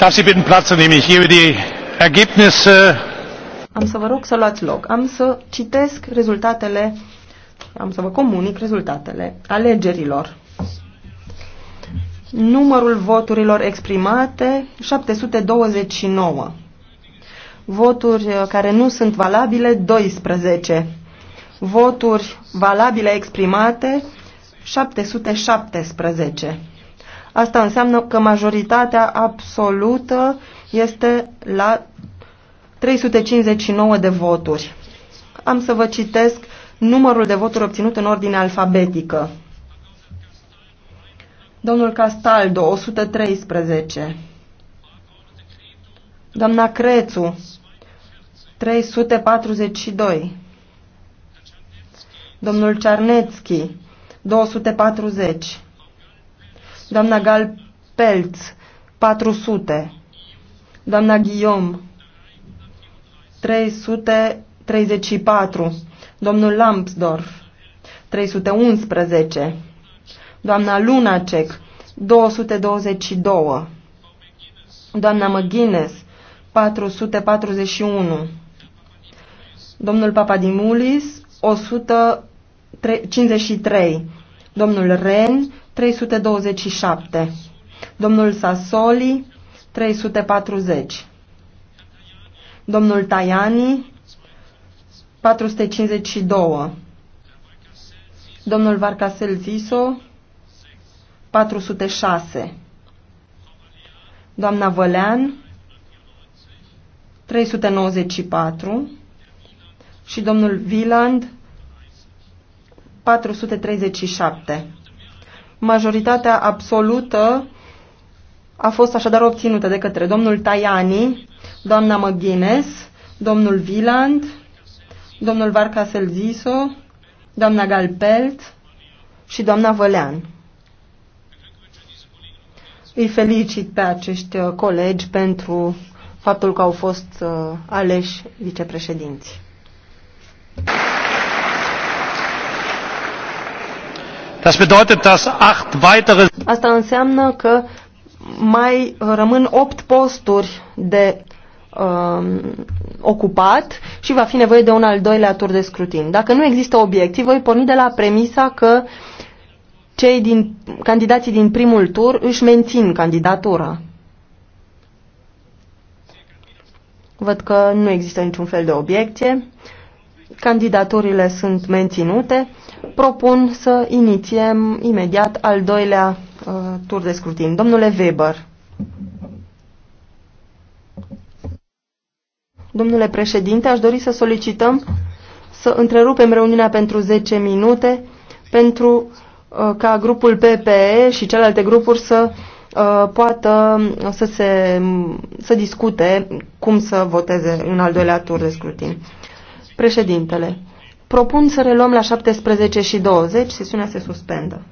Darf Sie bitten Platz nehmen? Ich gebe die Ergebnisse. Am să vă rog să luați loc. Am să citesc rezultatele, am să vă comunic rezultatele alegerilor. Numărul voturilor exprimate 729. Voturi uh, care nu sunt valabile 12. Voturi valabile exprimate 717. Asta înseamnă că majoritatea absolută este la 359 de voturi. Am să vă citesc numărul de voturi obținut în ordine alfabetică. Domnul Castaldo, 113. Doamna Crețu, 342. Domnul Cernețchi, 240 doamna Gal Pelț, 400, doamna Ghiom, 334, domnul Lampsdorf, 311, doamna Lunacek, 222, doamna McGuinness, 441, domnul Papadimulis, 153, domnul Ren, 327. Domnul Sassoli, 340. Domnul Tajani, 452. Domnul Varcasel Ziso, 406. Doamna Vălean, 394. Și domnul Viland, 437. Majoritatea absolută a fost așadar obținută de către domnul Tajani, doamna McGuinness, domnul Viland, domnul Varca Selziso, doamna Galpelt și doamna Vălean. Îi felicit pe acești uh, colegi pentru faptul că au fost uh, aleși vicepreședinți. Das bedeutet, dass acht weitere Asta înseamnă că mai rămân opt posturi de um, ocupat și va fi nevoie de un al doilea tur de scrutin. Dacă nu există obiectiv, voi porni de la premisa că cei din, candidații din primul tur își mențin candidatura. Văd că nu există niciun fel de obiecție candidaturile sunt menținute, propun să inițiem imediat al doilea uh, tur de scrutin. Domnule Weber. Domnule președinte, aș dori să solicităm să întrerupem reuniunea pentru 10 minute pentru uh, ca grupul PPE și celelalte grupuri să uh, poată să, se, să discute cum să voteze în al doilea tur de scrutin. Președintele, propun să reluăm la 17 și 20, sesiunea se suspendă.